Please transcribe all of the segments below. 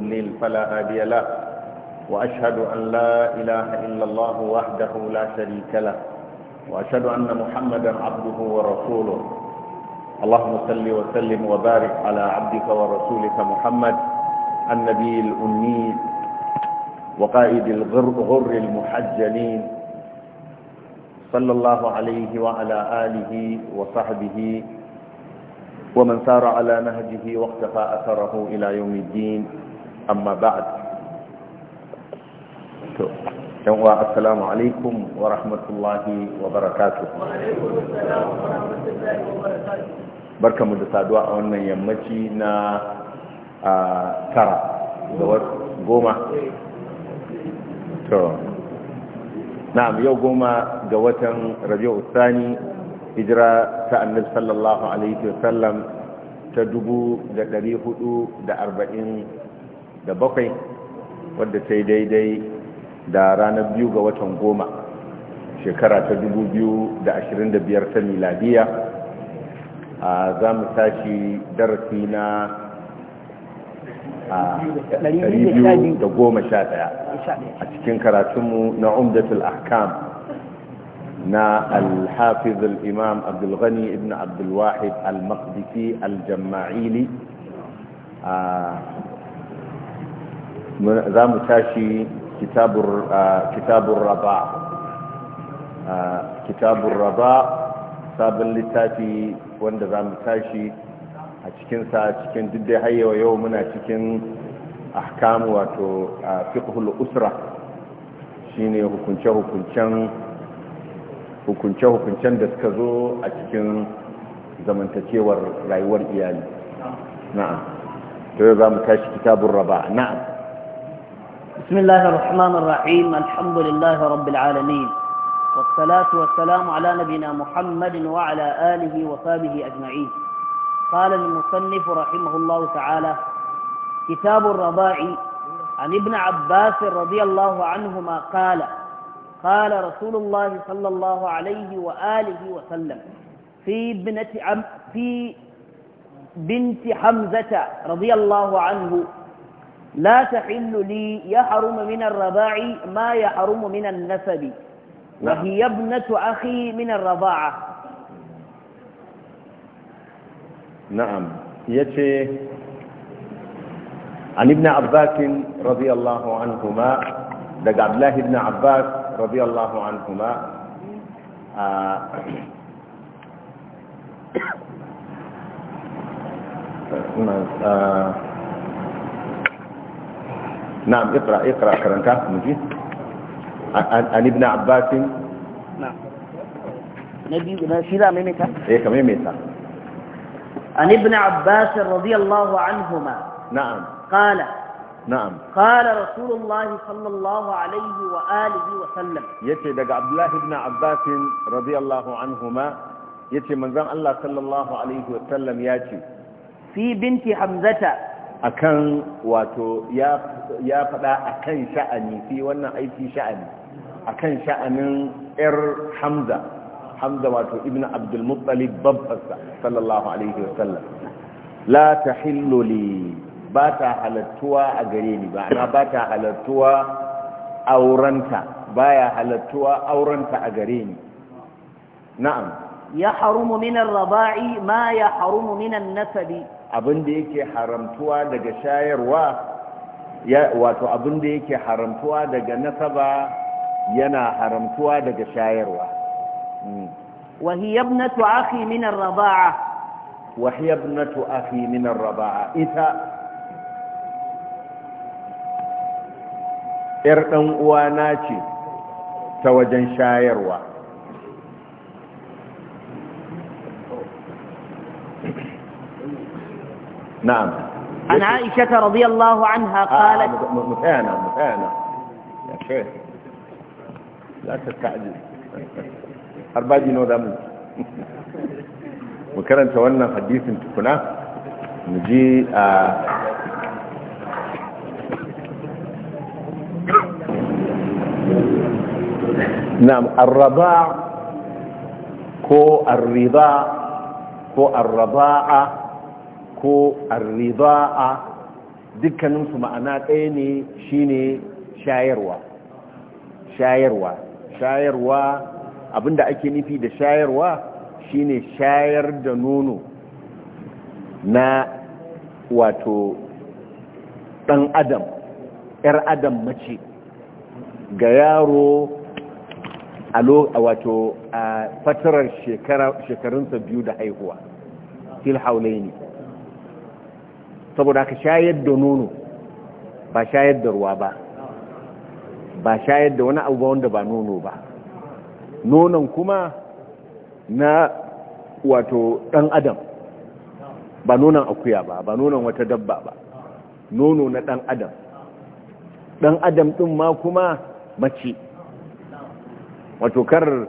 يضلل فلا هادي له وأشهد أن لا إله إلا الله وحده لا شريك له وأشهد أن محمدا عبده ورسوله اللهم صل وسلم وبارك على عبدك ورسولك محمد النبي الأمي وقائد الغر المحجلين صلى الله عليه وعلى آله وصحبه ومن سار على نهجه واقتفى أثره إلى يوم الدين amma ba'ad to yan uwa assalamu alaikum wa rahmatullahi wa barakatuh barkamu da saduwa a wannan yammaci na tara ga goma to na'am yau goma ga watan rabi'u thani hijira ta annabi sallallahu alaihi wasallam ta dubu da ɗari hudu da arba'in da bakwai wadda ta yi daidai da ranar biyu ga watan goma shekara ta dubu biyu da ashirin da biyar ta miladiya a za mu tashi darasi na da goma sha ɗaya a cikin karatunmu na umdatul ahkam na alhafiz Imam abdulghani ibn abdulwahid al-maqdisi al-jamma'ili za mu tashi kitabun raba kitabun raba sabon littafi wanda za mu tashi a cikinsa cikin duk da hayewa yau muna cikin ahkamu wato fiƙhul usra shine hukunce-hukuncen hukunce-hukuncen da suka zo a cikin zamantakewar rayuwar iyali na'am to za mu tashi kitabun raba na'am بسم الله الرحمن الرحيم الحمد لله رب العالمين والصلاة والسلام على نبينا محمد وعلى آله وصحبه أجمعين قال المصنف رحمه الله تعالى كتاب الرضاع عن ابن عباس رضي الله عنهما قال قال رسول الله صلى الله عليه وآله وسلم في ابنة في بنت حمزة رضي الله عنه لا تحل لي يحرم من الرضاع ما يحرم من النسب نعم. وهي ابنة أخي من الرضاعة نعم يتي عن ابن عباس رضي الله عنهما دق عبد الله بن عباس رضي الله عنهما آه آه na'am ikra ikra karanta mu ji an ibn abbas radiyallahu anhuma na'am qala qala rasulullahi sallallahu alaihi wa wa sallam yace daga abdullah ibn abbas radiyallahu anhuma yace manzon Allah sallallahu alaihi wa sallam yace fi binti hamzata akan wato ya faɗa akan sha'ani fi wannan aiki sha'ani akan sha'anin yar hamza hamza wato ibn abdul muttalib babbarsa sallallahu alaihi wasallam la ta li ba ta halattuwa a gare ni ba ana ba ta halattuwa aurenta ba ya halattuwa aurenta a gare ni na'am ya harumu minan ar-raba'i ma ya harumu minan an-nasabi abin da yake haramtuwa daga shayarwa wato abin da yake haramtuwa daga nasaba yana haramtuwa daga shayarwa hmm. wahiyabnatu akhi min ar-raba'a wahiyabnatu akhi min ar-raba'a ita yar dan na ce ta wajen shayarwa نعم عن عائشة رضي الله عنها آه، قالت متانا متانا يا شيخ لا تستعجل أربعة نو دمو وكان تولنا حديث تكنا نجي آه. نعم الرضاع كو الرضاع كو الرضاعه ko arrida'a dukkaninsu ma'ana ɗaya ne shine shayarwa shayarwa shayarwa abinda ake nufi da shayarwa shine shayar da nono na wato ɗan adam ‘yar adam mace ga yaro a wato a fatarar shekarunsa biyu da haihuwa fil haulaini saboda ka shayar da nono ba shayar da ruwa ba ba shayar da wani abu wanda ba nono ba nonon kuma na wato ɗan adam ba nonon akuya ba ba nonon wata dabba ba nono na ɗan adam ɗan adam ɗin ma kuma mace wato kar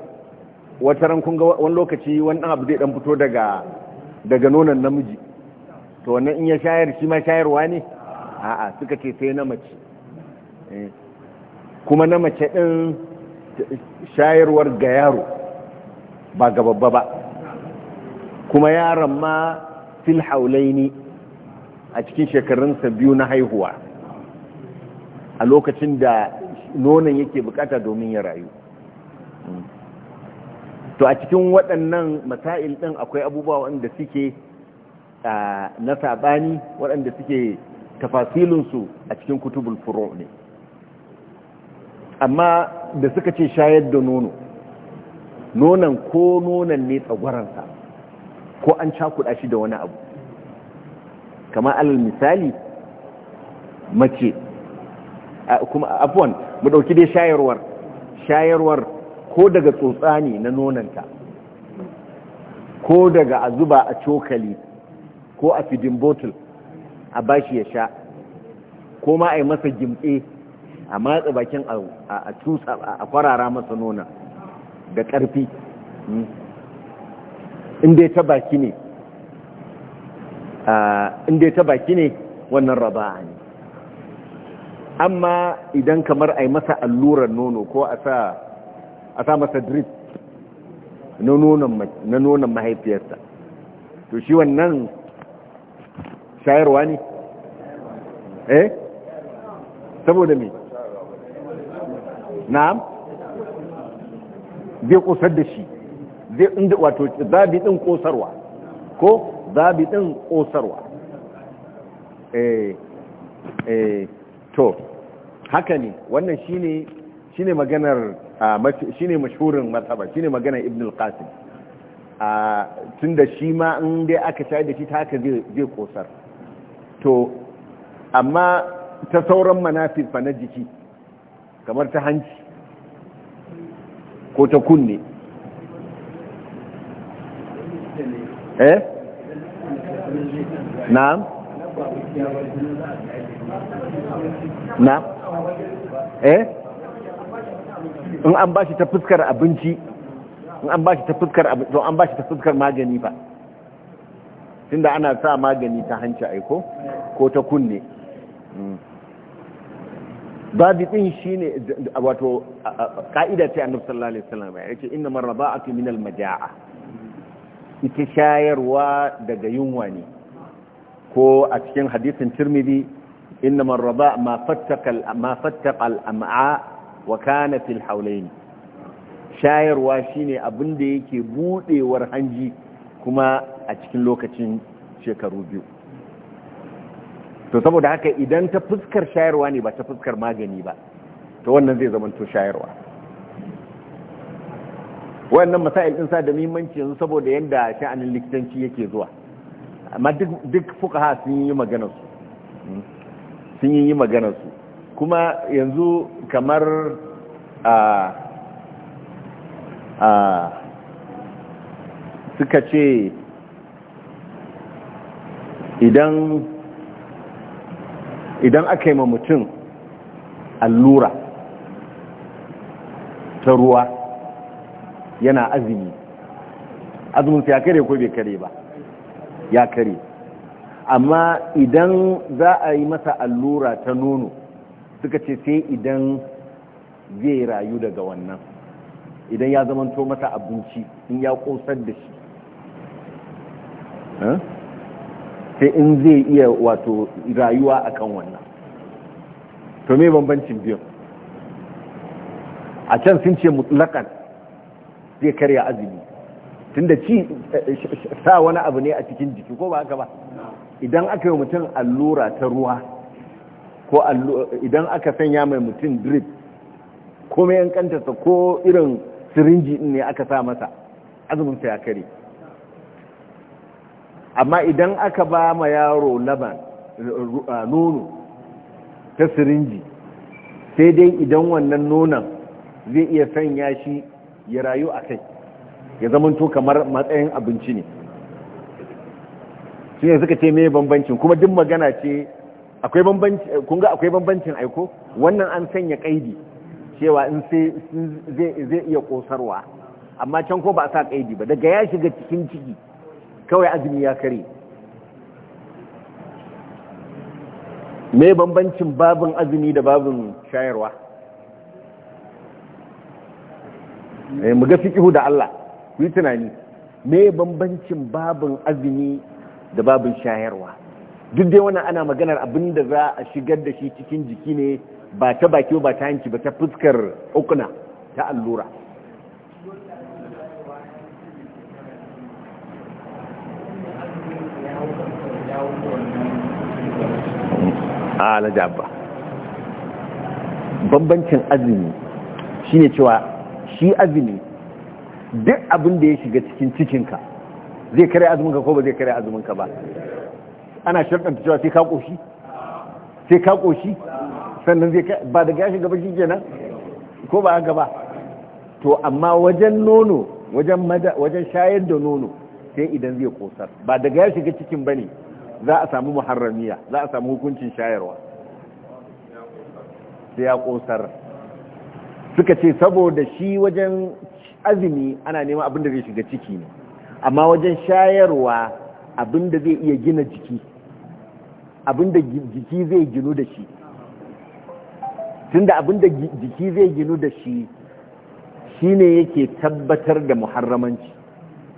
wata rankun ga wani lokaci wani abu zai ɗan fito daga nonon namiji to wannan in ya shayar shi ma shayarwa ne a'a suka ce sai na mace eh, kuma na mace ɗin shayarwar ga yaro ba ga babba ba kuma yaron ma fil haulaini a cikin shekarunsa biyu na haihuwa a lokacin da nonon yake bukata domin ya rayu hmm. to a cikin waɗannan masail ɗin akwai abubuwa wanda suke na saɓani waɗanda suke tafasilinsu a cikin kutubul furo ne amma da suka ce shayar da nono nonon ko nonon ne tsagwaransa ko an cakuɗa shi da wani abu kama alal misali mace kuma abuwan mu ɗauki dai shayarwar shayarwar ko daga tsotsa ne na nonanta ko daga a zuba a cokali ko a fidin botul a bashi ya sha ko ma a yi masa gimtse a matsa bakin a tusa a kwarara masa nona da ƙarfi hmm. inda ta baki ne inda ta baki ne wannan a ne amma idan kamar a yi masa allurar nono ko a sa masa drip na nonon mahaifiyarsa to shi wannan shayarwa ne eh saboda me na'am zai kosar da shi zai inda wato zabi din kosarwa ko zabi din kosarwa eh eh to haka ne wannan shine shine maganar shine mashhurin mazhaba shine maganar ibn al-qasim tunda shi ma in dai aka shayar da shi ta haka zai kosar to amma ta sauran manafifa na jiki kamar ta hanci ko ta kunne eh na'am na eh in an shi ta fuskar abinci in an shi ta fuskar abinci to an ba shi ta fuskar magani ba tunda ana sa magani ta hanci aiko ko ta kunne mm. babu din shine wato ka'ida ce annabi sallallahu alaihi wasallam ya ce inna marba'atu min al-majaa ita shayarwa daga yunwa ne ko a cikin hadisin tirmidhi inna marba ma fattaqa ma fattaqa al-am'a wa kana fil hawlain shayarwa shine abin da yake budewar hanji kuma a cikin lokacin shekaru biyu to saboda haka idan ta fuskar shayarwa ne ba ta fuskar magani ba to wannan zai zamanto shayarwa wannan masail din sa da muhimmanci yanzu saboda yanda sha'anin likitanci yake zuwa amma duk fuqaha sun yi magana su sun yi magana su kuma yanzu kamar a a suka ce idan idan aka yi ma mutum allura ta ruwa yana azumi azumin ya kare ko bai kare ba ya kare amma idan za a yi masa allura ta nono suka ce sai idan zai rayu daga wannan idan ya zamanto masa abinci in ya kosar da shi sai in zai iya wato rayuwa akan wannan to me bambancin biyu a can sun ce mutlakan zai karya azumi tunda ci sa wani abu ne a cikin jiki ko ba haka ba idan aka yi mutum allura ta ruwa ko idan aka sanya mai mutum drip ko mai yankantarsa ko irin sirinji ne aka sa masa azumin sa ya kare amma idan aka ba ma yaro laban nono ta sirinji sai dai idan wannan nonon zai iya sanya shi ya rayu a kai ya zamanto kamar matsayin abinci ne shi ne suka ce mai bambancin kuma duk magana ce akwai bambancin kunga akwai bambancin aiko wannan an sanya kaidi cewa in sai zai iya kosarwa amma can ko ba a sa kaidi ba daga ya shiga cikin ciki kawai azumi ya kare me bambancin babin azumi da babin shayarwa eh, mu ga fikihu da Allah ku yi tunani me bambancin babin azumi da babin shayarwa duk dai wannan ana maganar abin da za a shigar da shi cikin jiki ne ba ta baki ba ta hanci ba ta fuskar ukuna ta allura a alaji bambancin azumi shi ne cewa shi azumi duk abin da ya shiga cikin cikinka zai kare azuminka ko ba zai kare azuminka ba ana shirɗanta cewa sai ka ƙoshi sai ka ƙoshi sannan zai ba da gashi gaba shi kenan ko ba haka ba to amma wajen nono wajen shayar da nono sai idan zai ƙosar ba daga ya ga cikin ba ne za a samu muharramiya za a samu hukuncin shayarwa sai ya kosar suka ce saboda shi wajen azumi ana nema abinda zai shiga ciki ne amma wajen shayarwa abinda zai iya gina jiki abinda jiki zai ginu da shi tun da abinda jiki zai ginu da shi shi ne yake tabbatar da muharramanci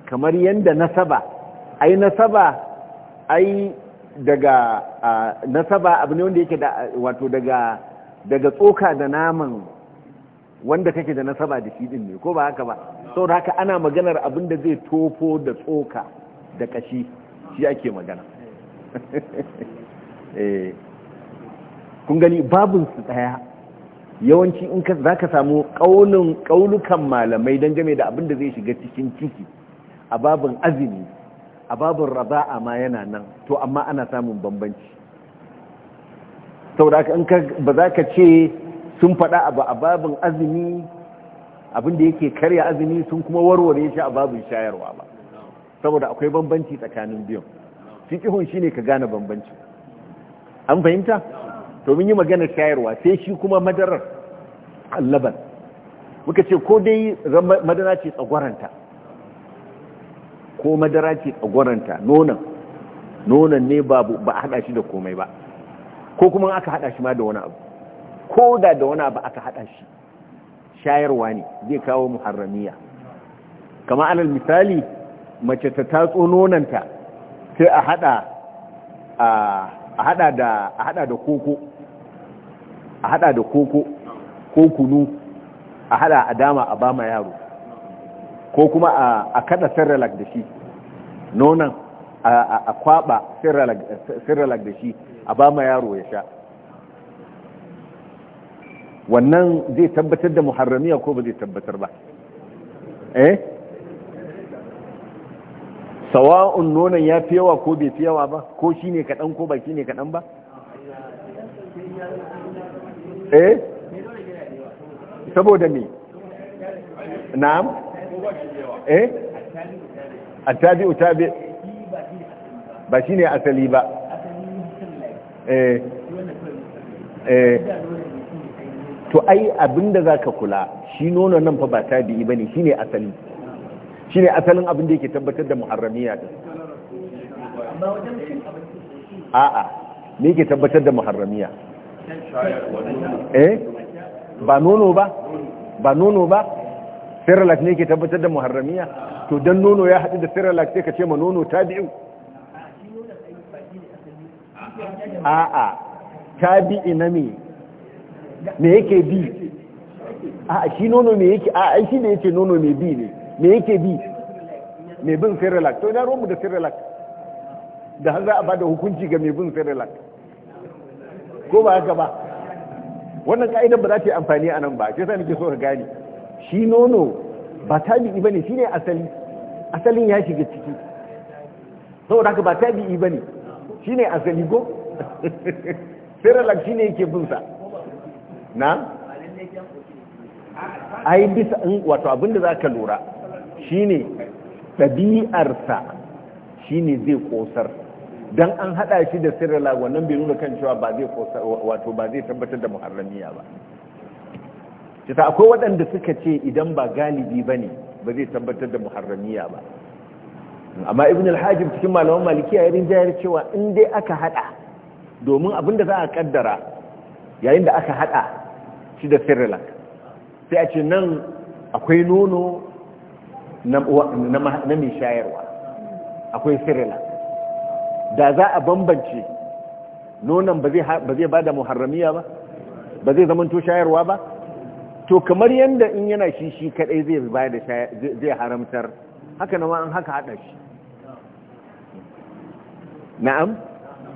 kamar yadda nasaba ai nasaba ai daga nasaba abu ne wanda yake da wato daga tsoka da naman wanda kake da nasaba da shi din ne ko ba haka ba saboda haka ana maganar abin da zai tofo da tsoka da kashi shi ake magana eh, kun gani babin daya yawanci in ka zaka samu kaunin kaulukan malamai dangane da abin da zai shiga cikin ciki a babin azumi a babin a ma yana nan to amma ana samun bambanci saboda in ka ba za ka ce sun faɗa abu a babin azumi abinda yake karya azumi sun kuma warware shi a babin shayarwa ba saboda akwai bambanci tsakanin biyun shi ne ka gane bambanci an fahimta to mun yi magana shayarwa sai shi kuma madarar allaban muka ce ko dai madara ce tsagwaranta ko madara ce gwaranta nonon nonon ne ba a hada shi da komai ba ko kuma aka hada shi ma da wani abu ko da da wani abu aka hada shi shayarwa ne zai kawo muharramiya kama alal misali mace ta tatso nonanta sai a hada a hada da koko ko kunu a hada a dama a ba ma yaro ko kuma a kada sirralak da shi nonon a kwaba sirralak da shi a ba ma yaro ya sha wannan zai tabbatar da muharramiya ko ba zai tabbatar ba eh sawa'un nonon ya fi yawa ko bai fi yawa ba ko shi ne kaɗan ko ba shi ne kaɗan ba eh saboda me na'am eh attabi'u tabi ba shine asali ba eh eh to ai abinda zaka kula shi nono nan fa ba tabi bane shine asali shine asalin abin da yake tabbatar da muharramiya din a'a me yake tabbatar da muharramiya eh ba nono ba ba nono ba cerelac ne ke tabbatar da muharramiya to don nono ya haɗu da cerelac sai ka ce ma nono ta biyu a'a ta bi ina me me yake bi a'a shi nono me yake a'a shi ne yake nono me bi ne me yake bi me bin cerelac to ina romu da cerelac da har za a bada hukunci ga me bin cerelac ko ba haka ba wannan ka'idar ba za ta yi amfani a nan ba ke sa nake so ka gane shi nono ba tabi'i bane shine asali asalin ya shiga ciki saboda haka ba tabi'i bane shine asali go shi shine yake bunsa na a yi bisa wato abinda ka lura shine tabi'arsa shine zai kosar don an hada shi da sirralak wannan bai nuna kan cewa ba zai wato ba zai tabbatar da muharramiya ba ta akwai waɗanda suka ce idan ba galibi ba ne ba zai tabbatar da muharramiya ba amma ibn al hajim cikin malaman malikiya ya rinjayar cewa in dai aka hada domin abin da za a kaddara yayin da aka hada shi da sirilan sai a ce nan akwai nono na mai shayarwa akwai sirilan da za a bambance nonon ba zai ba da muharramiya ba ba zai zamanto shayarwa ba to kamar yadda in yana shi shi kadai zai bayar da zai haramtar haka na an haka hada shi na'am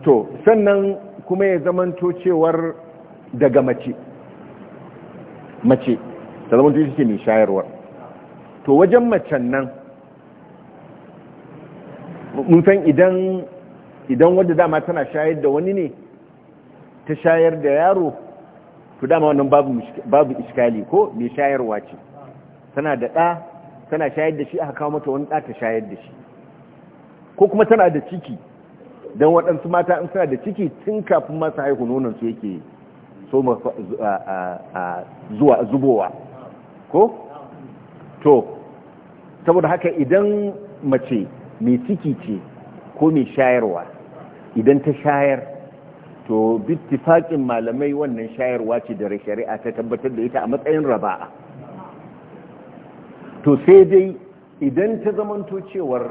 to sannan kuma ya zamanto cewar daga mace mace ta zamanto shi ke mai shayarwar to wajen macen nan mun san idan idan wadda dama tana shayar da wani ne ta shayar da yaro to dama wannan babu iskali ko mai shayarwa ce tana da ɗa tana shayar da shi aka kawo mata wani ɗa ta shayar da shi ko kuma tana da ciki don waɗansu mata in suna da ciki tun kafin masu haihu nonon su yake so zuwa zubowa ko to saboda haka idan mace mai ciki ce ko mai shayarwa idan ta shayar to bittifakin malamai wannan shayarwa ce da shari'a ta tabbatar da ita a matsayin raba'a to sai dai idan ta zamanto cewar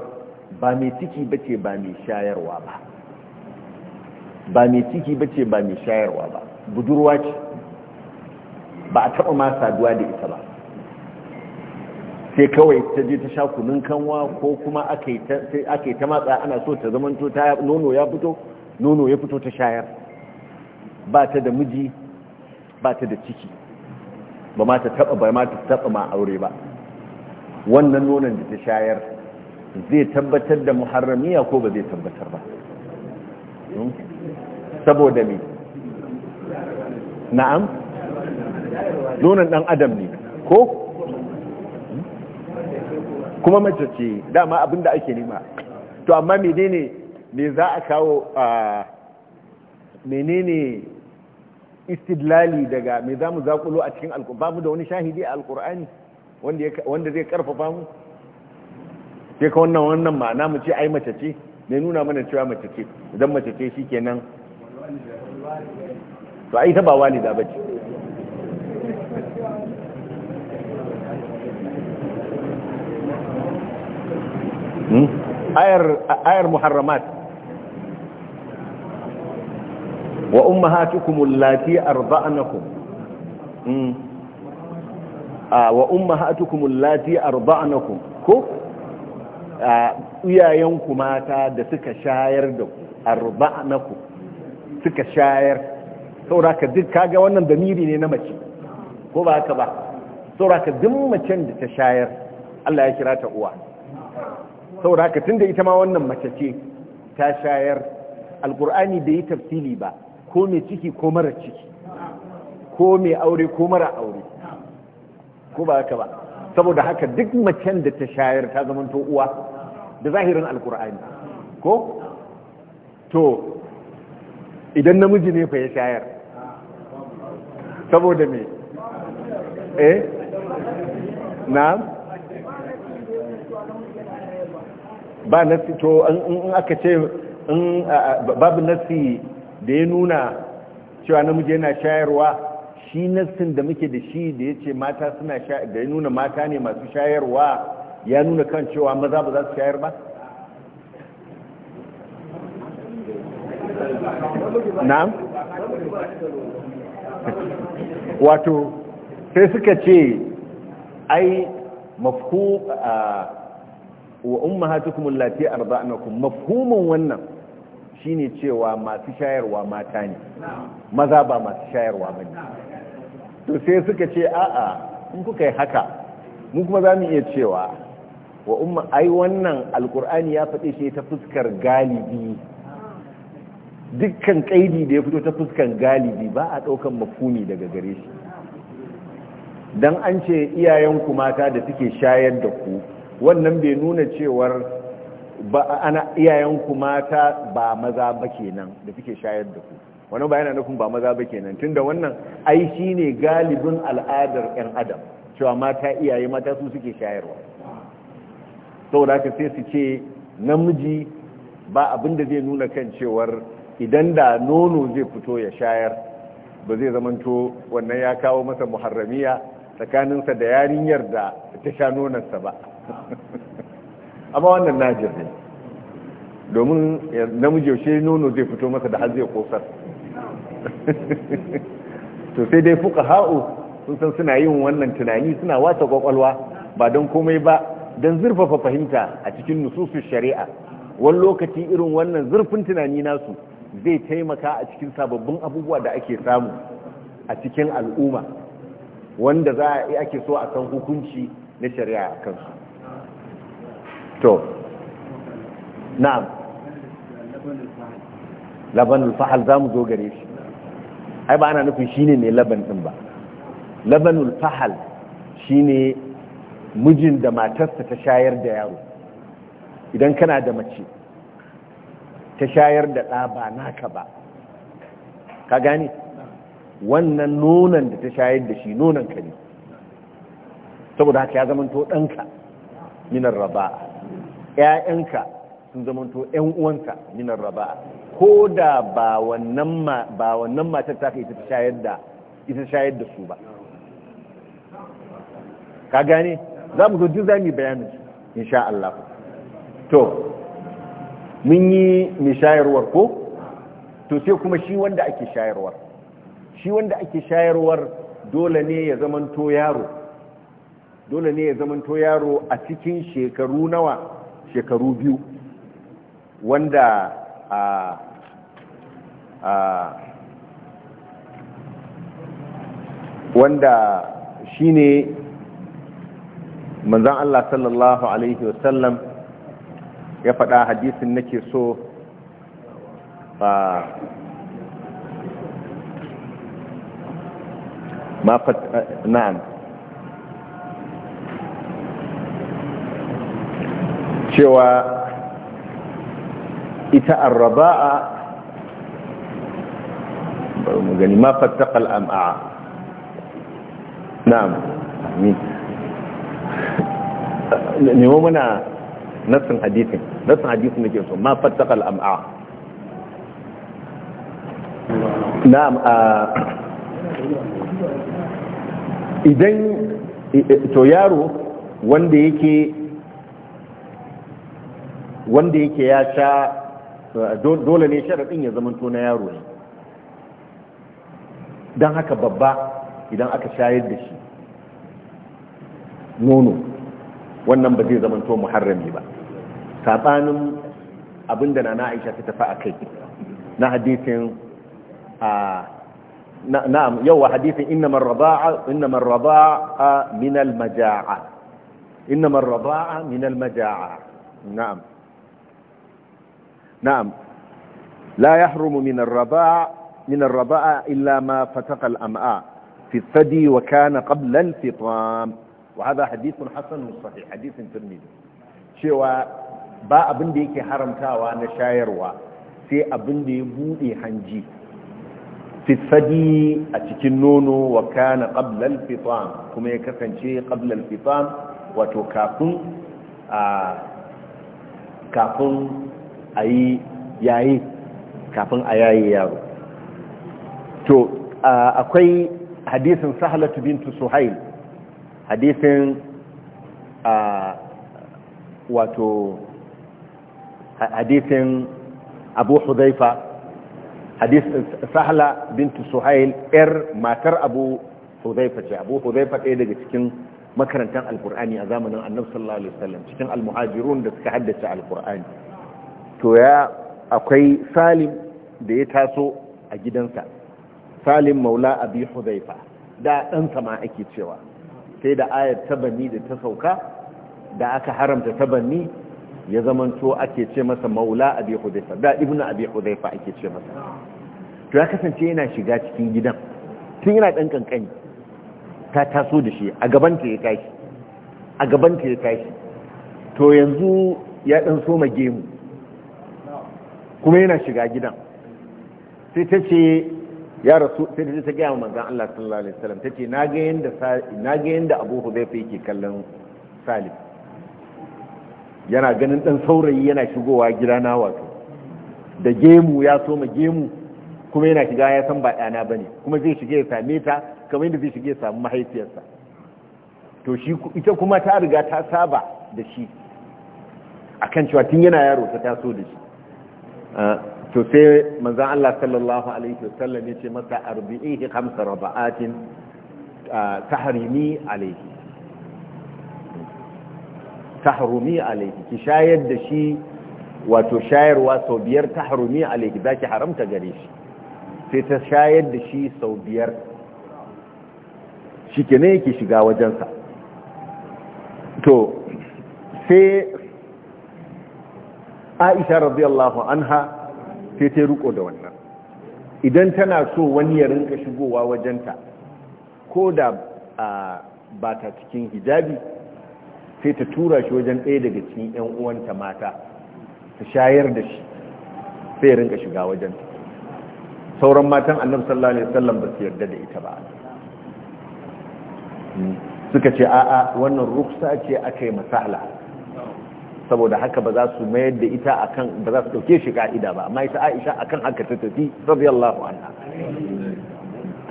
ba mai ciki bace ba mai shayarwa ba ba mai ciki bace ba mai shayarwa ba budurwa ce ba a taɓa ma saduwa da ita ba sai kawai ta je ta sha kunun kanwa ko kuma aka yi ta matsa ana so ta zamanto ta nono ya fito nono ya fito ta shayar ba ta da miji ba ta da ciki ba ma ta taba ba ma ta taba ma aure ba wannan nonon da ta shayar zai tabbatar da muharramiya ko ba zai tabbatar ba hmm? saboda me na'am nonon dan adam ne ko kuma mace ce dama abinda ake nema to amma menene me za a kawo a menene istidlali daga me za mu zakulo a cikin alkur'ani babu da wani shahidi a alkur'ani wanda zai karfafa mu sai ka wannan wannan ma'ana mu ce ai mace ce me nuna mana cewa mace ce idan mace ce shi nan to ai ta ba walida ba ce hmm? ayar muharramat wa ummahatukum allati arda'nakum hmm. ah, wa ummahatukum allati arda'nakum ko ah, iyayenku mata da suka shayar da ku arda'nakum suka shayar sauraka duk kaga wannan damiri ne na mace ko ba haka ba sauraka duk macen da ta shayar Allah ya kira ta uwa sauraka tunda ita ma wannan mace ce ta shayar alqur'ani da yi tafsili ba ko mai ciki ko mara ciki ko mai aure ko mara aure ko ba haka ba saboda haka duk macen da ta shayar ta zamanto uwa da zahirin alkur'ani ko to idan namiji ne fa ya shayar saboda me eh na ba nasi to in aka ce babu nasi da ya nuna cewa namiji yana shayarwa shi nassin da muke da shi da ya ce mata suna da ya nuna mata ne masu shayarwa ya nuna kan cewa maza ba za su shayar ba na'am wato sai suka ce ai mafhu wa ummahatukum allati arda'nakum mafhumin wannan shine cewa masu shayarwa mata ne maza ba masu shayarwa ba ne to sai suka ce a'a in kuka yi haka mu kuma za mu iya cewa wa umma ai wannan alkur'ani ya faɗi shi ta fuskar galibi dukkan kaidi da ya fito ta fuskan galibi ba a ɗaukan mafuni daga gare shi don an ce iyayenku mata da suke shayar da ku wannan bai nuna cewar ba ana iyayenku mata ba maza ba kenan da suke shayar da ku wani ba yana nufin ba maza ba kenan da wannan ai ne galibin al'adar yan adam cewa mata iyaye mata su suke shayarwa saboda haka sai su ce namiji ba abin da zai nuna kan cewar idan da nono zai fito ya shayar ba zai zamanto wannan ya kawo masa muharramiya tsakaninsa da yarinyar da ta sha nonansa ba amma wannan najir ne domin namiji yaushe nono zai fito masa da har zai kosar to sai dai fuka ha'u sun san suna yin wannan tunani suna wata kwakwalwa ba don komai ba don zurfafa fahimta a cikin nususun shari'a wani lokaci irin wannan zurfin tunani nasu zai taimaka a cikin sababbin abubuwa da ake samu a cikin al'umma wanda za a ake so a san hukunci na shari'a kansu to na'am laban fahal za mu zo gare shi ai ba ana nufin shine ne laban din ba labanul fahal shine mijin da matarsa ta shayar da yaro idan kana da mace ta shayar da ɗa ba naka ba ka gane wannan nonon da ta shayar da shi nonon ka ne saboda haka ya zama to ɗanka minar raba'a 'ya'yanka sun zamanto 'yan uwanka minar raba'a ko da ba wannan matar ta fi isa ita shayar da su ba ka gane za mu zo za mu bayanin insha Allah to mun yi mai shayarwar ko to sai kuma shi wanda ake shayarwar shi wanda ake shayarwar dole ne ya zamanto yaro dole ne ya zamanto yaro a cikin shekaru nawa shekaru biyu wanda a wanda shine manzan Allah sallallahu Alaihi wasallam ya faɗa hadisin nake so ma na'am cewa ita arraba'a bari mu gani ma fattaqa na na'am amin nemo muna nassin hadisin nassin hadisin da ke so ma fattaqa na na'am idan to yaro wanda yake wanda yake ya sha dole ne sharaɗin ya zamanto na yaro ne don haka babba idan aka shayar da shi nono wannan ba zai zamanto muharrami ba saɓanin abinda na na'aisha ta tafi a kai na hadisin a na'am yawa hadisin innamar raba'a innamar raba'a min al-maja'a innamar raba'a min al-maja'a na'am نعم لا يحرم من الرضاع من الرضاع إلا ما فتق الأمعاء في الثدي وكان قبل الفطام وهذا حديث حسن صحيح حديث ترمذي شو با ابن دي يكي حرمتا وانا شايروا سي ابن دي بودي حنجي في الثدي اتكنونو وكان قبل الفطام كما يكفن شيء قبل الفطام وتو آه كافن a yi yayi kafin a yayi yaro to akwai hadisin sahalatu bintu suhail hadisin wato hadisin abu hudaifa hadisin sahla bintu suhail yar matar abu hudaifa ce abu hudaifa ɗaya daga cikin makarantar alkur'ani a zamanin annabu sallallahu alaihi wasallam cikin almuhajirun da suka haddace alkur'ani to ya akwai salim da ya taso a gidansa salim maula abi huzaifa da ɗansa ma ake cewa sai da ayar tabanni da ta sauka da aka haramta tabanni ya zamanto ake ce masa maula abi huzaifa da ibnu abi huzaifa ake ce masa to ya kasance yana shiga cikin gidan tun yana ɗan kankani ta taso da shi a gabanta ya tashi a gabanta ya tashi to yanzu ya ɗan soma gemu kuma yana shiga gidan sai ta ce ya rasu sai ta ta gaya manzan Allah sallallahu alaihi wasallam ta ce na ga yadda abu huzaifa yake kallon salim yana ganin dan saurayi yana shigowa gidana wato da gemu ya soma gemu kuma yana shiga ya san ba ɗana ba ne kuma zai shiga ya same ta kamar yadda zai shiga ya samu mahaifiyarsa to shi ita kuma ta riga ta saba da shi akan cewa tun yana yaro ta taso da shi Ah, to sai manzan Allah sallallahu alaihi wasallam ya ce masa arbi'ihi khamsa raba'atin ah, tahrimi alaihi tahrumi alaihi ki shayar da shi wato shayarwa sau biyar tahrumi alaihi zaki haramta gare shi sai ta shayar da shi sau biyar shi ke ne yake shiga wajensa to sai aisha radiyallahu anha sai ta riko da wannan idan tana so wani ya rinka shigowa wajenta ko da ba ta cikin hijabi sai ta tura shi wajen ɗaya daga cikin 'yan uwanta mata ta shayar da shi sai ya rinka shiga wajenta sauran matan annabi sallallahu alaihi wasallam ba su yarda da ita ba hmm. suka ce a'a wannan ruksa ce aka yi masala saboda haka ba za su mayar da ita akan ba za su dauke shi ka'ida ba amma ita Aisha akan haka ta tafi radiyallahu anha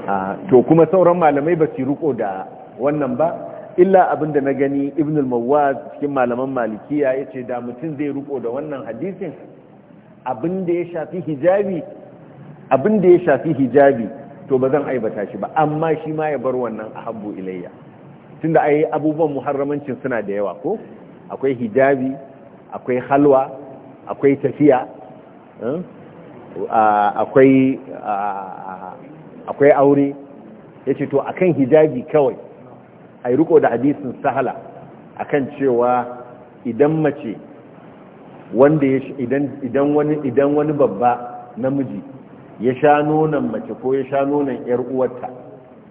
ah, to kuma sauran malamai ba su ruko da wannan ba illa abinda na gani Ibn al mawaz cikin malaman Malikiya yace da mutum zai ruko da wannan hadisin abinda ya shafi hijabi abinda ya shafi hijabi to ba zan aibata shi ba amma shi ma ya bar wannan ahabbu ilayya tunda ai abubuwan muharramancin suna da yawa ko akwai hijabi akwai halwa akwai tafiya eh? akwai aure. Ya ce to akan hijabi kawai ai riko da hadisin sahala akan cewa idan mace wanda ya idan wani babba namiji ya sha nonon mace ko ya sha nonon yar uwarta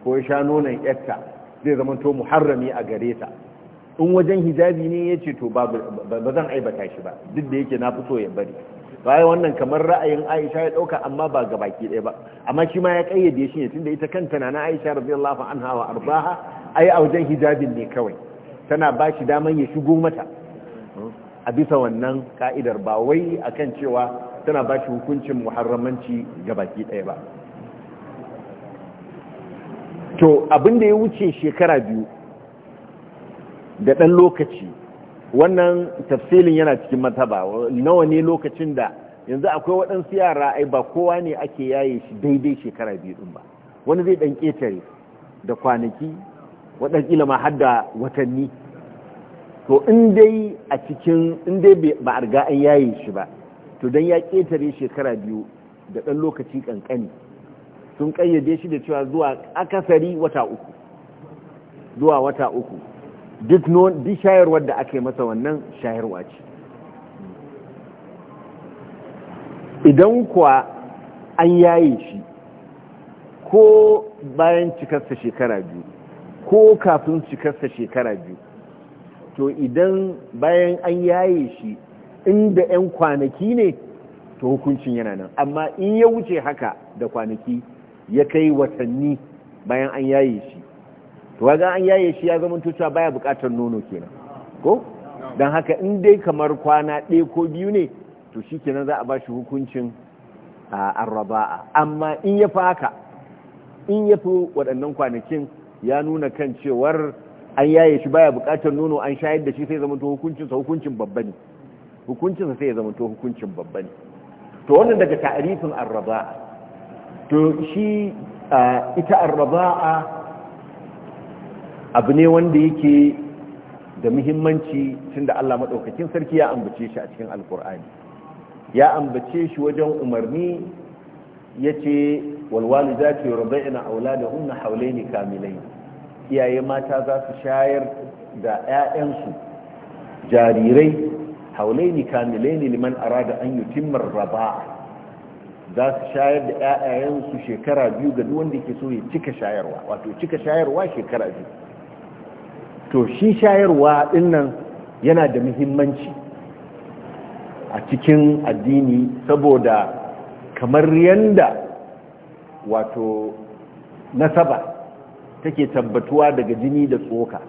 ko ya sha nonon yarta zai zama to muharrami a gare ta in wajen hijabi ne ya ce to ba zan aibata shi ba duk da yake na fito ya bari bayan wannan kamar ra'ayin aisha ya ɗauka amma ba ga baki ɗaya ba amma shi ma ya kayyade shi ne tunda ita kanta na aisha radiyallahu anha wa arbaha ai a wajen hijabin ne kawai tana ba shi daman ya shigo mata a bisa wannan ka'idar ba wai akan cewa tana ba shi hukuncin muharramanci ga baki ɗaya ba to abin da ya wuce shekara biyu da ɗan lokaci wannan tafsilin yana cikin mataba nawa ne lokacin da yanzu akwai waɗansu yara ai ba kowa ne ake yaye shi daidai shekara biyu ɗin ba wani zai ɗan ƙetare da kwanaki waɗansu ma har da watanni to in dai a cikin in dai ba a riga an yaye shi ba to don ya ƙetare shekara biyu da ɗan lokaci ƙanƙani sun ƙayyade shi da cewa zuwa akasari zuwa wata uku duk shayarwar da aka yi masa wannan shayarwa ce idan kuwa an yaye shi ko bayan cikarsa shekara biyu ko kafin cikarsa shekara biyu to idan bayan an yaye shi inda 'yan kwanaki ne to hukuncin yana nan amma in ya wuce haka da kwanaki ya kai watanni bayan an yaye shi to wajen an yaye shi ya zama tuta baya bukatar nono kenan ko don haka in dai kamar kwana ɗaya ko biyu ne to shi kenan za a ba shi hukuncin arraba'a amma in ya fi haka in ya fi waɗannan kwanakin ya nuna kan cewar an yaye shi baya bukatar nono an shayar da shi sai zama to hukuncinsa hukuncin babba ne hukuncinsa sai ya zama to hukuncin babba ne to wannan daga ta'arifin arraba'a to shi ita arraba'a abu ne wanda yake da muhimmanci tun da Allah maɗaukakin sarki ya ambace shi a cikin alkur'ani ya ambace shi wajen umarni ya ce, za rabai yace aula da hunna, haulai ne kamilai iyaye mata za su shayar da 'ya'yansu. jarirai kamilai ne liman arada an yi raba za su shayar da 'ya'yansu shekara biyu ga duwanda wanda so ya cika shayarwa wato cika shayarwa shekara biyu to shi shayarwa dinnan yana da muhimmanci a cikin addini saboda kamar yanda wato nasaba take tabbatuwa daga jini da tsoka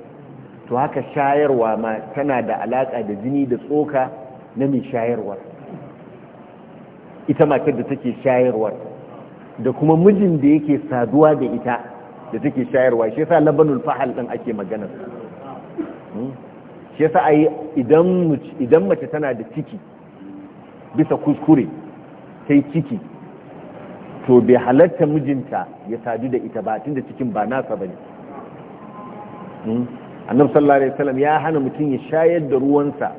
to haka shayarwa ma tana da alaƙa da jini da tsoka na mai shayarwar ita matar da take shayarwar da kuma mijin da yake saduwa da ita da take shayarwa shi yasa labanul fahal din ake maganar Hmm? shi yasa a idan idan mace tana da ciki bisa kuskure sai ciki to bai halatta mijinta ya sadu da ita ba tun da cikin ba nasa ba ne hmm? sallallahu alaihi ya hana mutum ya shayar da ruwansa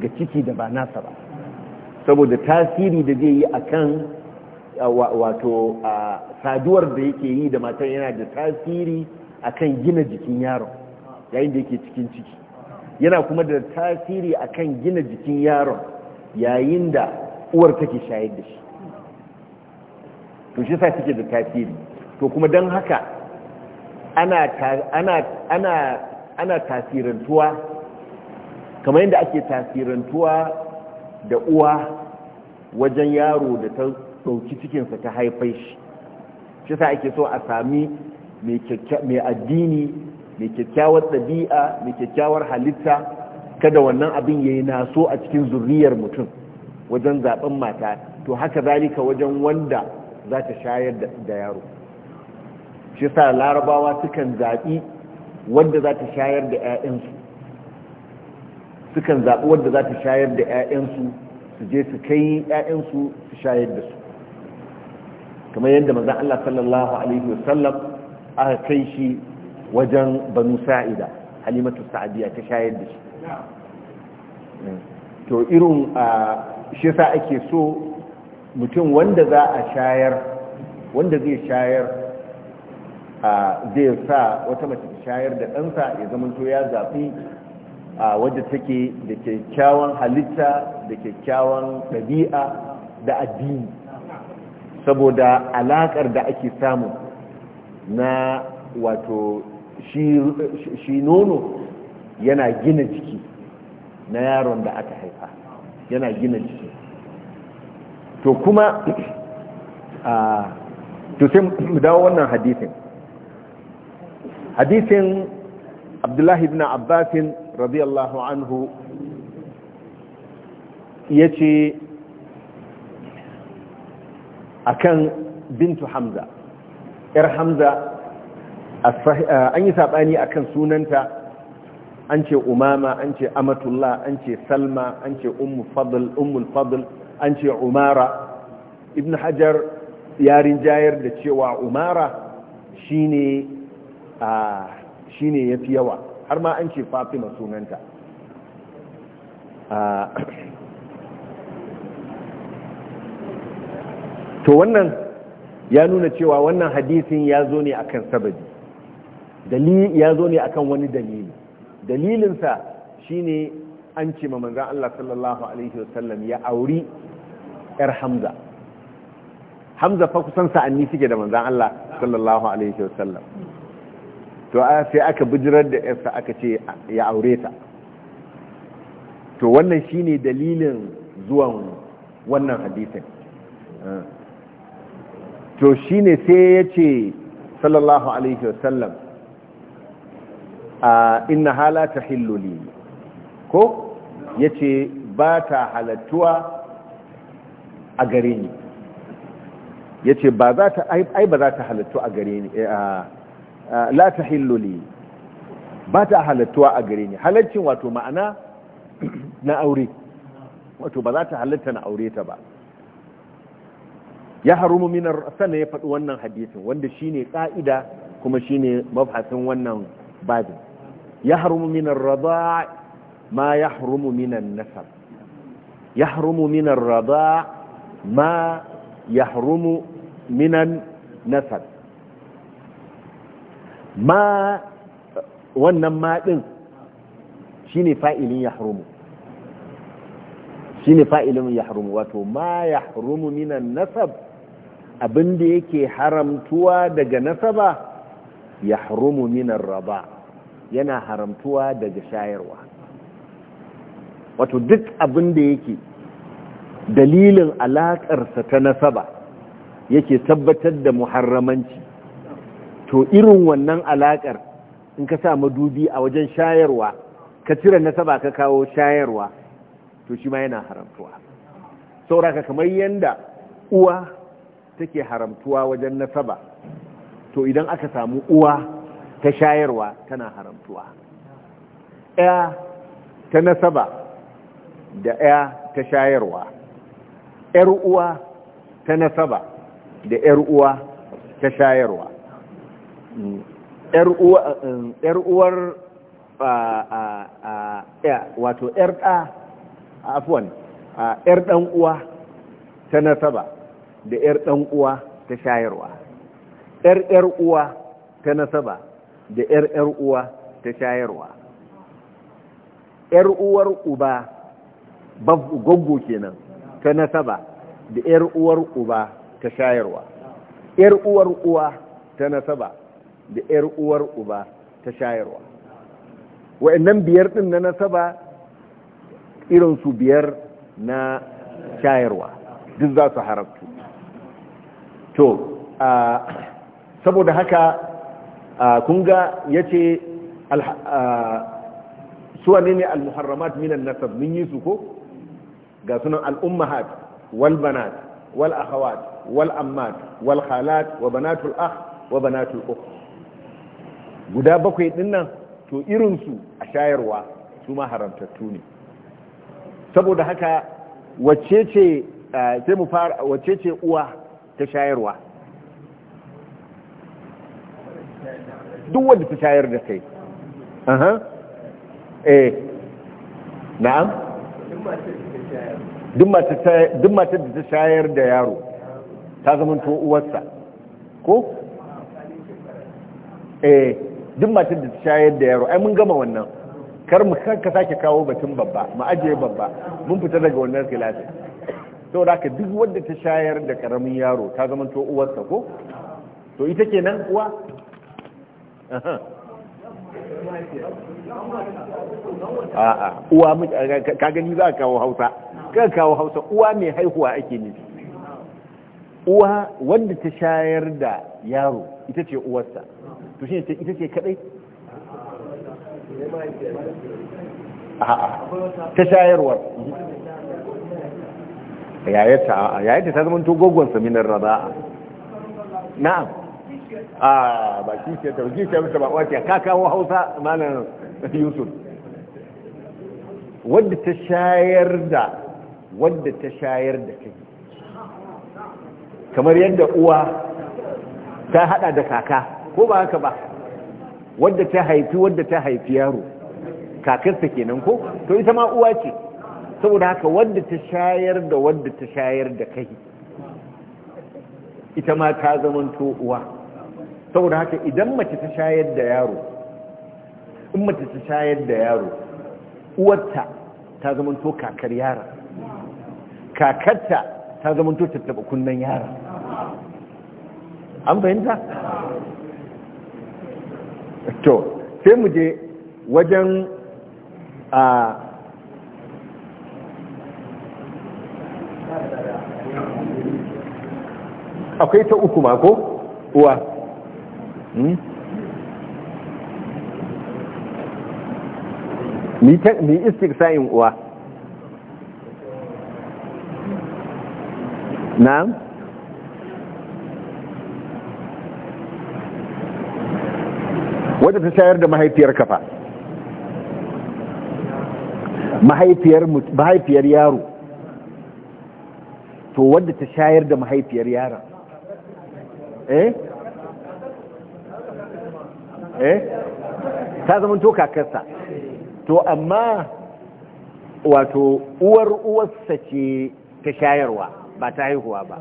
ga ciki da ba nasa ba saboda tasiri da zai yi kan wato saduwar da yake yi da matan yana da tasiri a kan gina jikin yaron yayin da yake cikin ciki yana kuma da tasiri akan gina jikin yaron yayin da uwar take shayar da shi to shi sa take da tasiri to kuma don haka ana ana ana ana tasirantuwa kamar yadda ake tasirantuwa da uwa wajen yaro da ta ɗauki cikinsa ta haifai shi shi sa ake so a sami mai addini mai kyakkyawar ɗabi'a mai kyakkyawar halitta kada wannan abin ya yi naso a cikin zurriyar mutum wajen zaɓen mata to haka zalika wajen wanda za ta shayar da yaro shi sa larabawa sukan zaɓi wanda za ta shayar da 'ya'yansu sukan zaɓi wanda za ta shayar da 'ya'yansu su je su kai 'ya'yansu su shayar da su kamar yadda maza Allah sallallahu alaihi wasallam aka kai shi wajen banu sa'ida halimatu sa'adiyya ta shayar da shi to irin shi sa ake so mutum wanda za a shayar wanda zai shayar zai sa wata mace ta shayar da ɗansa ya zama to ya zafi wadda take da kyakkyawan halitta da kyakkyawan ɗabi'a da addini saboda alaƙar da ake samu na wato shi nono yana gina jiki na yaron da aka haifa yana gina jiki to kuma a to sai mu dawo wannan hadisin hadisin abdullahi ibn abbasin radiyallahu anhu ya ce a kan bintu hamza ‘yar hamza Eh, an yi saɓani a kan sunanta an ce umama an ce amatullah an ce salma an ce umul fadl an ce umara ibn hajar yarin jayar da cewa umara shi ne ya fi yawa har ma an ce fatima sunanta to wannan ya nuna cewa wannan hadisin ya zo ne akan sababi dalili ya zo ne akan wani dalili dalilinsa shine an ce ma manzan Allah sallallahu alaihi wasallam ya auri yar hamza hamza fa kusan sa'anni suke da manzan Allah sallallahu alaihi wasallam to sai aka bijirar da yarsa aka ce ya aure ta to wannan shine dalilin zuwan wannan hadisai to shine sai ya ce sallallahu alaihi wasallam inna hala ta hilloli ko ya ce ba ta halattuwa a gare ni ya ce ba za ta ai ba za ta halattu a gare ni eh, la ta hilloli ba ta halattuwa a gare ni halaccin wato ma'ana na aure wato ba za ta halatta na aure ta ba ya harumu minar sannan ya faɗi wannan hadisin wanda shine ƙa'ida kuma shine mafasin wannan babin يحرم من الرضاع ما يحرم من النسب يحرم من الرضاع ما يحرم من النسب ما wannan ma din shine fa'ilin yahrumu shine fa'ilin yahrumu wato ma yahrumu minan nasab abinda yake haramtuwa daga nasaba yahrumu minar raba' yana haramtuwa daga shayarwa wato duk abin da yake dalilin alaƙarsa ta nasaba yake tabbatar da muharramanci to irin wannan alaƙar in ka sa madubi a wajen shayarwa ka cire nasaba ka kawo shayarwa to shi ma yana haramtuwa sauraka kamar yadda uwa take haramtuwa wajen nasaba to idan aka samu uwa ta shayarwa tana haramtuwa ɗaya ta nasaba da ɗaya ta shayarwa yar uwa ta nasaba da yar uwa ta shayarwa yar uwar wato yar ɗa afuwan yar ɗan uwa ta nasaba da yar ɗan uwa ta shayarwa yar yar uwa ta nasaba da ‘yar ‘yar uwa ta shayarwa ‘yar uwar uba goggo kenan ta nasaba da ‘yar uwar uba ta shayarwa ‘yar uwar uwa ta nasaba da ‘yar uwar uba ta shayarwa wa'annan biyar ɗin na nasaba irinsu biyar na shayarwa duk za su harabtu to saboda haka Ah, kun ga ya ce ah, suwa ne ne al-muharramat minan nasab mun yi su ko ga sunan al wal banat wal akhawat wal ammat wal wal-halat wa banatul ah wa banatul ukh guda bakwai dinnan to irin su a shayarwa su ma haramtattu ne saboda haka wacce ce ah, uwa ta shayarwa duk wanda ta shayar da kai aha eh na'am duk matar da ta shayar da yaro ta zamanto uwarsa ko eh duk matar da ta shayar da yaro ai mun gama wannan kar mu ka sake kawo batun babba mu ajiye babba mun fita daga wannan kilasi da ka duk wanda ta shayar da karamin yaro ta zamanto uwarsa ko to ita kenan uwa a'a uwa ka gani za ka kawo hausa ka kawo hausa uwa mai haihuwa ake nufi uwa wanda ta shayar da yaro ita ce uwarsa to shi ita ce kadai ta shayarwar yayata ta zama to gogonsa minar raba'a na'am a ah, ba kishiyar ta kishiyar ta ba wace ka kawo hausa malam yusuf wadda ta shayar da wadda ta shayar da kai kamar yadda uwa ta hada da kaka ko ba haka ba wadda ta haifi wadda ta haifi yaro kakarsa kenan ko to ita ma uwa ce saboda haka wadda ta shayar da wadda ta shayar da kai ita ma ta zamanto uwa saboda haka idan mace ta shayar da yaro in mace ta shayar da yaro uwarta ta zamanto kakar yara kakarta ta zamanto tattaba kunnen yara an fahimta? to sai mu je wajen a akwai ta uku mako uwa mi hmm? istiksa'in uwa na wadda ta shayar da mahaifiyar kafa mahaifiyar yaro to wadda ta shayar da mahaifiyar yaron eh eh ta zama to kakarsa to amma wato uwar uwarsa ce ta shayarwa ba ta haihuwa ba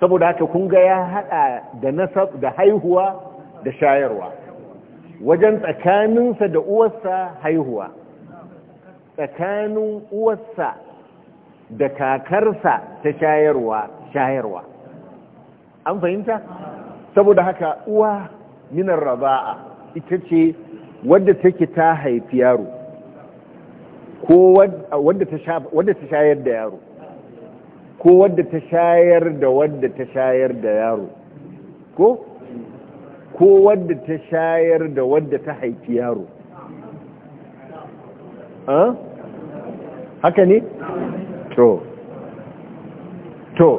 saboda haka kun ga ya hada da nasab da haihuwa da shayarwa wajen tsakaninsa da uwarsa haihuwa tsakanin uwarsa da kakarsa ta shayarwa shayarwa an fahimta saboda haka uwa minar raba'a ita ce wadda take ta haifi yaro ko wadda ta shayar da yaro ko wadda ta shayar da wadda ta shayar da yaro ko ko wadda ta shayar da wadda ta haifi yaro haka ne? to to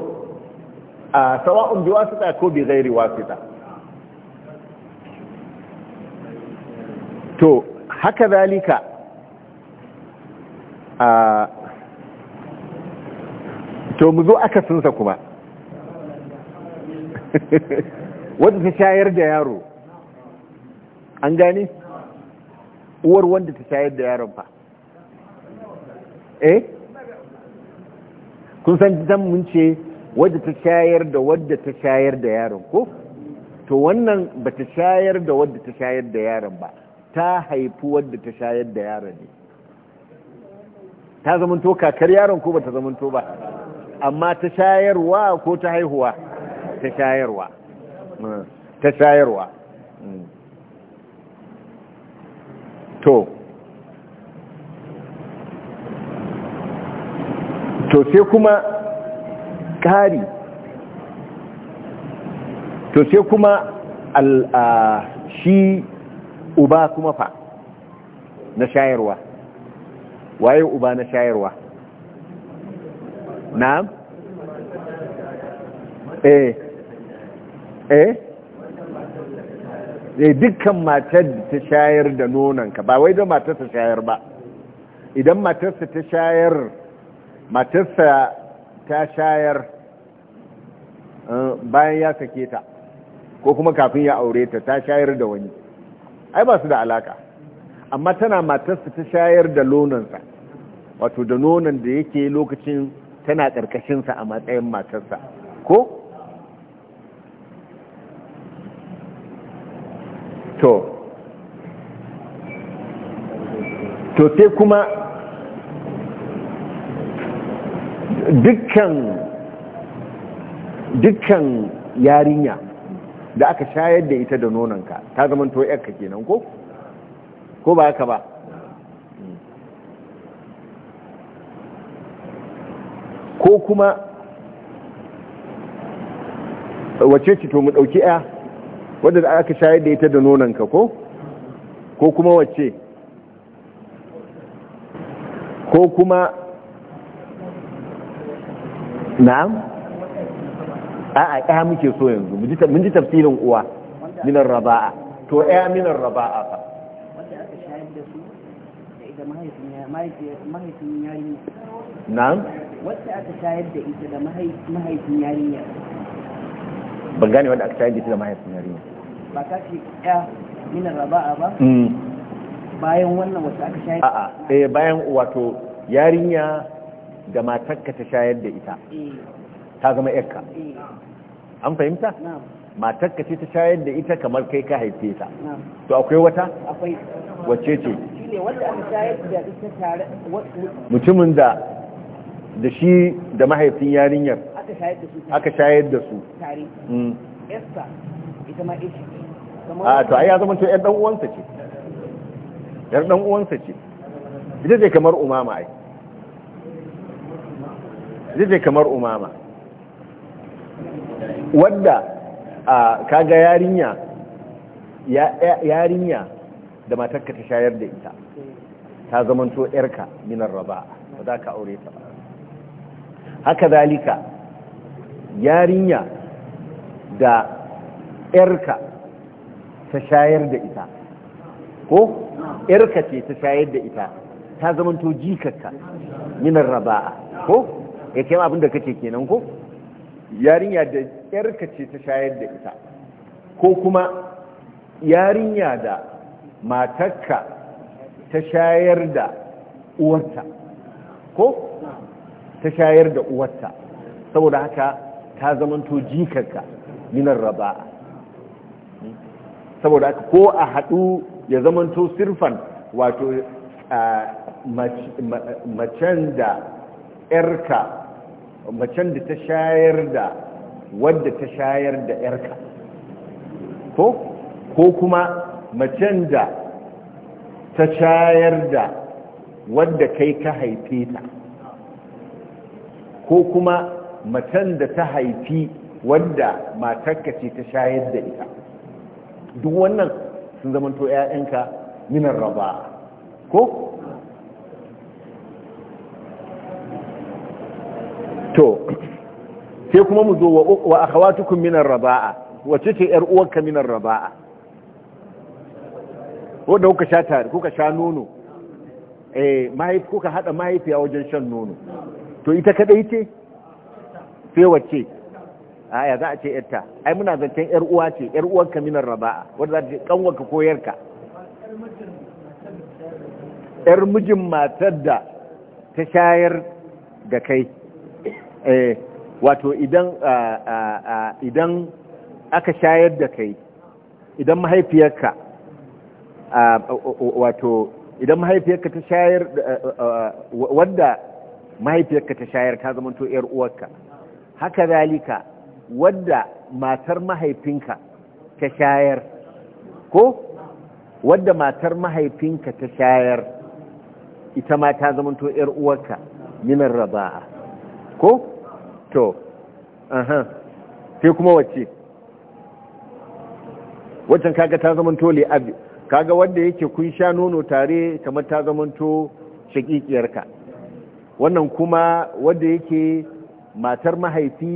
a sawa'un bi wasita ko bi gairi wasita to haka zalika a to mu zo aka sunsa kuma wadda ta shayar da yaro an gane uwar wanda ta shayar da yaron fa eh kun san zan mun ce wadda ta shayar da wadda ta shayar da yaron ko to wannan ba ta shayar da wadda ta shayar da yaron ba ta haifu wadda ta shayar da yaron ne ta zamanto kakar yaron ko ba ta zamanto ba amma ta shayarwa ko ta haihuwa ta shayarwa ta shayarwa to to sai kuma kari to sai kuma shi uba kuma fa na shayarwa waye uba na shayarwa na'am eh eh ne eh, dukkan matar da ta shayar da nonanka ba wai da ta shayar ba idan matarsa ta shayar matarsa ta shayar eh, bayan ya sake ta ko kuma kafin ya aure ta ta shayar da wani ai ba su da alaka amma tana matarsa ta shayar da lononsa wato da nonon da yake lokacin tana ƙarƙashinsa a matsayin matarsa ko? to to sai kuma dukkan dukkan yarinya da aka shayar da ita da nononka ta zama to yarka kenan ko ko ba haka ba ko kuma wace ce to mu dauki ya wadda da aka shayar da ita da nononka ko ko kuma wace ko kuma na'am a'a ɗaya muke so yanzu mun ji tafsirin uwa minar raba'a to ɗaya minar raba'a fa na'am wacce aka shayar da ita da mahaifin yarinya ban gane wanda aka shayar da ita da mahaifin yarinya ba ka ce ya minar raba'a ba hmm. bayan wannan wacce aka shayar a'a ita eh, bayan wato yarinya da matarka ta shayar da ita eh. ta zama yarka an fahimta matarka ce ta shayar da ita kamar kai ka haife ta to akwai wata akwai wacce ce mutumin da da shi da mahaifin yarinyar aka shayar da su a to ai ya zama to ɗan dan uwansa ce ɗan dan uwansa ce ita ce kamar umama ai ita ce kamar umama wadda kaga yarinya yarinya da matarka ta shayar da ita ta zamanto yarka minar raba ba za ka aure ta ba haka zalika yarinya da yarka ta shayar da ita ko yarka ce ta shayar da ita ta zamanto jikarka minar raba ko ya kema abinda kake kenan ko yarinya da yarka ce ta shayar da ita ko kuma yarinya da matarka ta shayar da uwarta ko ta shayar da uwarta saboda haka ta zamanto jikarka minar raba, saboda haka ko a haɗu ya zamanto sirfan wato macen da 'yarka macen da ta shayar da wadda ta shayar da yarka ko ko kuma macen da ta shayar da wadda kai ka haife ta ko kuma macen da ta haifi wadda matarka ce ta shayar da ita duk wannan sun zamanto 'ya'yanka minar raba ko to sai kuma mu zo wa akhawatukum minar raba'a wace ce yar uwarka minar raba'a wanda kuka sha tare kuka sha nono eh mahaifi kuka hada mahaifiya wajen shan nono to ita kadai ce sai wace aya za a ce yarta ai muna zancen yar uwa ce yar uwarka minar raba'a wanda za ta ce kanwarka ko yarka yar mijin matar da ta shayar da kai Eh, wato idan aka shayar da kai idan mahaifiyarka wato idan mahaifiyarka ta shayar wadda mahaifiyarka ta shayar ta zama to yar uwarka haka zalika wadda matar mahaifinka ta shayar ko wadda matar mahaifinka ta shayar ita ma ta zama to yar uwarka minar raba'a ko to aha sai kuma wacce waccan kaga ta zamanto li'abi kaga wanda yake kun sha nono tare kamar ta zamanto shakikiyarka wannan kuma wanda yake matar mahaifi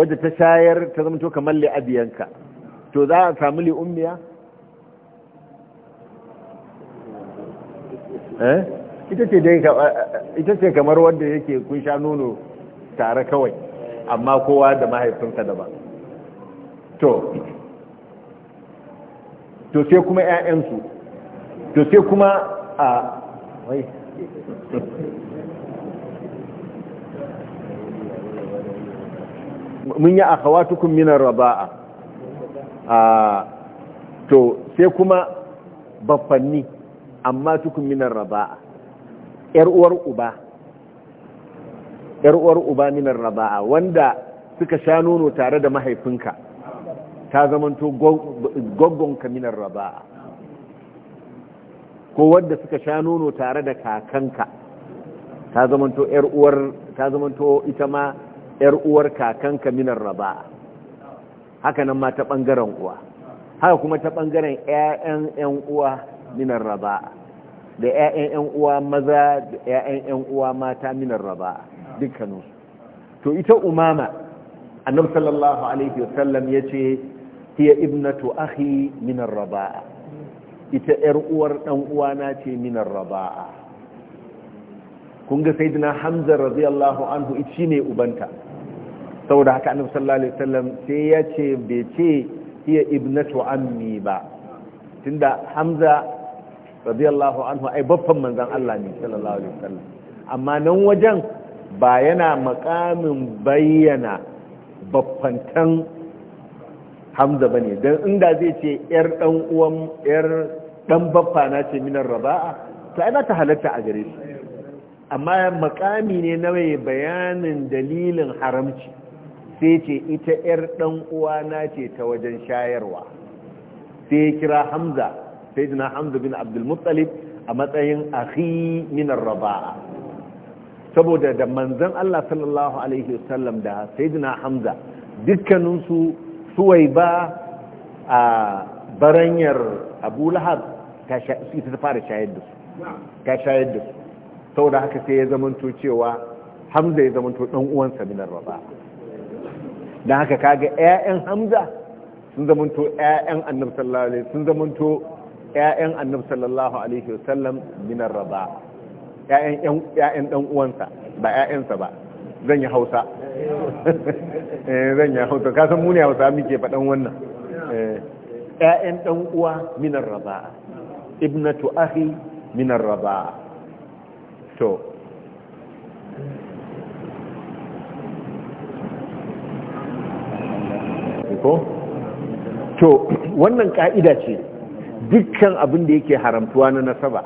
wadda ta shayar ta zamanto kamar li abiyanka to za a samu li'ummiya? eh ita ce kamar wanda yake kun sha nono tare kawai amma kowa da mahaifinsa daban to to sai kuma 'ya'yansu to sai kuma a wai mun yi akhawatukum minar raba'a a to sai kuma baffanni amma tukun minar raba'a 'yar uwar uba ‘yar uwar uba minar raba'a wanda suka sha nono tare da mahaifinka ta zamanto gwaggonka minar raba'a ko wadda suka sha nono tare da kakanka ta zamanto ‘yar uwar ta zamanto ita ma ‘yar uwar kakanka minar raba'a haka nan ma ta bangaren uwa haka kuma ta bangaren ƴaƴan ƴan uwa minar raba'a da 'ya'yan ƴan uwa maza da 'ya'yan ƴan uwa mata minar raba dukkaninsu to ita umama annab sallallahu alaihi wasallam ya ce hiya ibnatu akhi minar raba ita 'yar uwar ɗan uwana ce minar raba kun ga sayyidina hamza radiyallahu anhu ita ne ubanta saboda haka annab sallallahu alaihi wasallam sai ya ce bai ce hiya ibnatu ammi ba tunda hamza radiyallahu anhu ai babban manzan Allah ne sallallahu alaihi wasallam amma nan wajen ba yana makamin bayyana babbantan Hamza bane dan inda zai ce yar dan uwan yar dan baffa na ce minar raba'a to ai za ta halatta a gare shi amma makami ne na mai bayanin dalilin haramci sai ce ita yar dan uwa na ce ta wajen shayarwa sai kira Hamza sayyidina hamza bin abdul muttalib a matsayin akhi min ar-raba'a saboda da manzon Allah sallallahu alaihi wasallam da sayyidina hamza dukkanin su suwaiba a baranyar abu lahab ta fara shayar da su ta shayar da su saboda haka sai ya zamanto cewa hamza ya zamanto dan uwansa min ar-raba'a don haka kaga ƴaƴan hamza sun zamanto 'ya'yan annabtallalai sun zamanto ƴaƴan annabi sallallahu alaihi wasallam minar raba ƴaƴan ƴaƴan dan uwansa ba sa ba zan yi Hausa eh zan yi Hausa ka san mu ne Hausa muke faɗan wannan eh ƴaƴan dan uwa minar raba ibnatu akhi minar raba to ko to wannan ka'ida ce dukkan abin da yake haramtuwa na nasaba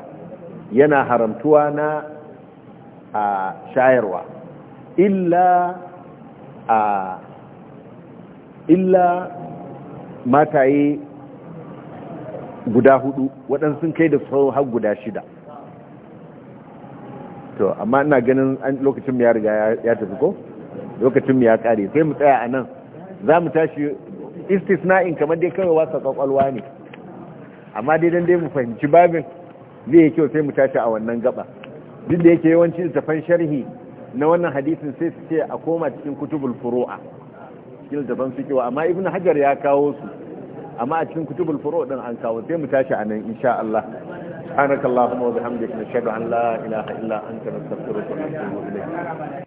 yana haramtuwa na a shayarwa illa a illa mataye guda hudu waɗansu sun kai da sauran har guda shida to amma ina ganin lokacin ya riga ya tafi ko lokacin ya kare sai mu tsaya a nan za mu tashi istisna'in kamar dai kawai wasa kwakwalwa ne amma dai dai mu fahimci babin zai yi kyau sai mu tashi a wannan gaba duk da yake yawanci littafan sharhi na wannan hadisin sai su ce a koma cikin kutubul furu'a cikin littafan fiqh amma ibnu hajar ya kawo su amma a cikin kutubul furu'a din an kawo sai mu tashi a nan insha Allah subhanakallahumma wa bihamdika nashhadu an la ilaha illa anta nastaghfiruka wa natubu ilayk